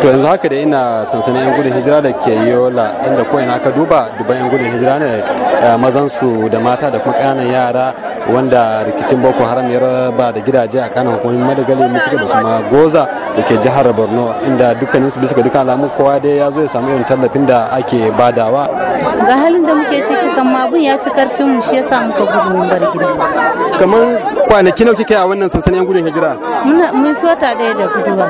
to yanzu haka da ina sansanin yan gudun hijira da ke yola inda ko ina ka duba duban yan gudun hijira ne eh, mazansu da mata da kuma kananan yara wanda rikicin boko haram ya raba da gidaje a kanan hukumomin madagali mutuka da kuma goza da ke jihar borno inda dukkaninsu bisa ga dukkan alamu kowa dai ya zo ya samu irin tallafin da ake badawa ga halin da muke ciki kamar mabun ya fi karfin mu shi yasa muka gudu mun bar gida kamar kwanaki nawa kike a wannan sansanin yan gudun hijira mun fi wata daya da guduwa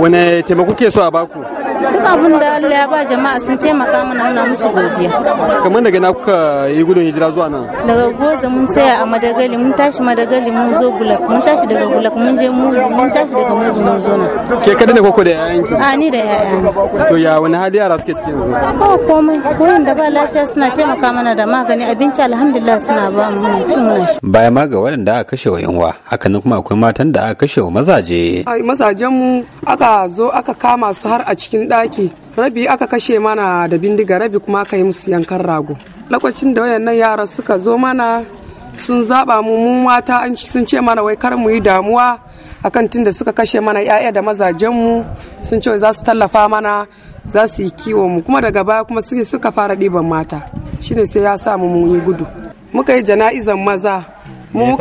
wane taimako ke so a baku duk abin da Allah ya ba jama'a sun taimaka mana muna musu godiya kamar daga na kuka yi gudun hijira zuwa nan daga goza mun tsaya a madagali mun tashi madagali mun zo bulak mun tashi daga bulak mun je mudu mun tashi daga mugu mun zo nan ke kada ne koko da yayanki a ni da yayana to ya wani hali yara suke cikin yanzu ba komai koyin da ba lafiya suna taimaka mana da magani abinci alhamdulillah suna ba mu muna cin muna shi baya ma ga waɗanda aka kashe wa yanwa hakanan kuma akwai matan da aka kashe wa mazaje ai mazajen mu aka zo aka kama su har a cikin daki rabi aka kashe mana da bindiga rabi kuma aka yi musu yankan rago lokacin da wayannan yara suka zo mana sun zaba mu mu mata sun ce mana wai kar mu yi damuwa akan tunda suka kashe mana 'ya'ya da mazajen mu sun ce za su tallafa mana za su yi kiwo mu kuma daga baya kuma suke suka fara ɗiban mata shine sai ya sa mu mun yi gudu muka yi jana'izan maza mu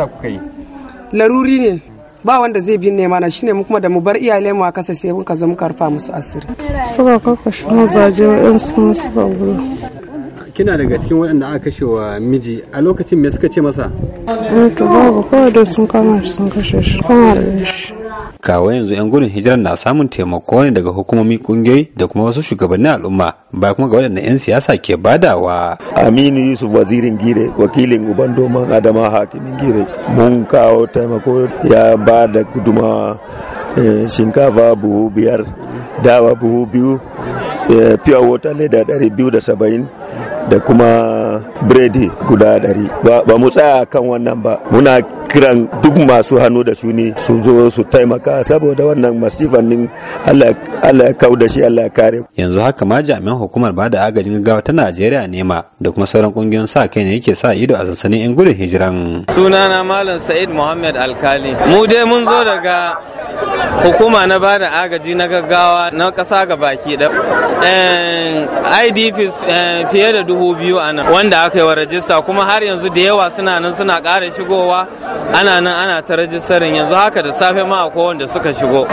laruri ne ba wanda zai nema na shine mu kuma da mu bar iyalai mu a kasa sai mun ka zo muka rufa musu asiri suka shi mu zaje in su suka gudu kina daga cikin waɗanda aka kashe wa miji a lokacin me suka ce masa eh, to babu kawai da sun kama sun kashe shi sun harbe shi kawo yanzu yan gudun hijirar na samun taimako ne daga hukumomi kungiyoyi da kuma wasu shugabannin al'umma ba kuma ga waɗanda yan siyasa ke badawa aminu yusuf wazirin gire wakilin uban doman adama hakimin gire mun kawo taimako ya ba da guduma eh, shinkafa buhu biyar dawa buhu biyu eh, pure water leda ɗari biyu da saba'in da kuma biredi guda ɗari ba mu tsaya kan wannan ba muna kiran duk masu hannu da shuni su zo su taimaka saboda wannan masifan din Allah ya kau da shi Allah ya kare yanzu haka ma jami'an hukumar ba da agajin gaggawa ta Najeriya ma da kuma sauran kungiyoyin sa kai ne yake sa ido a sansanin yan gudun hijiran sunana malam Sa'id Muhammad Alkali mu dai mun zo daga hukuma na bada agaji na gaggawa na ƙasa ga baki da idps fiye da dubu biyu a nan wanda aka yi wa rajista kuma har yanzu da yawa suna nan suna ƙara shigowa ana nan ana ta rajistarin yanzu haka da safe ma akwai wanda suka shigo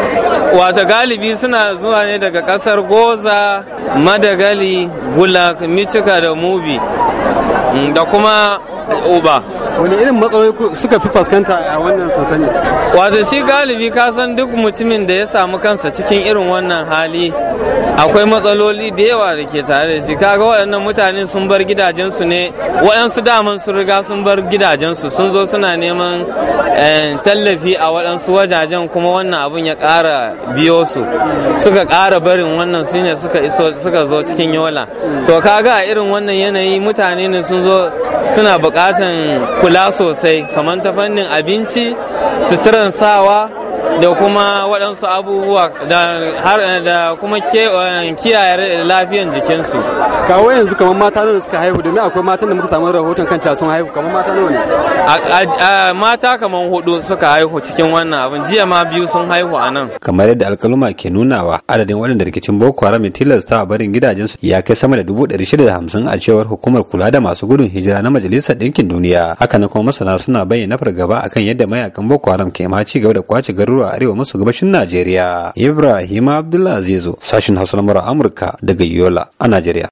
wata galibi suna zuwa ne daga ƙasar goza madagali gulak Mitika da mubi mm, da kuma uba wani irin matsaloli suka fi fuskanta a wannan sansani wato shi galibi ka san duk mutumin da ya samu kansa cikin irin wannan hali akwai matsaloli da yawa da ke tare da shi kaga waɗannan mutane sun bar gidajensu ne waɗansu daman sun riga sun bar gidajensu sun zo suna neman eh, tallafi a waɗansu wajajen kuma wannan abun ya ƙara biyo su suka ƙara barin wannan su ne suka zo cikin yola to kaga a irin wannan yanayi mutane ne sun zo suna buƙatan kula sosai kamar ta fannin abinci suturan sawa da kuma waɗansu abubuwa da kuma eh, kiyaye lafiyan jikinsu kawo yanzu kamar mata nawa suka haihu domin akwai matan da muka samu rahoton kan sun haihu kamar mata nawa ne mata kamar hudu suka haihu cikin wannan abin jiya ma biyu sun haihu a nan kamar yadda alkaluma ke nunawa adadin waɗanda rikicin boko haram ya tilasta barin gidajensu ya kai sama da dubu ɗari shida da hamsin a cewar hukumar kula da masu gudun hijira na majalisar ɗinkin duniya haka na kuma masana suna bayyana fargaba akan yadda mayakan boko haram ke ma ci gaba da kwace garuruwa garuruwa arewa maso gabashin Najeriya. Ibrahim Abdullah Azizu, sashin Hausa na Amurka daga Yola a Najeriya.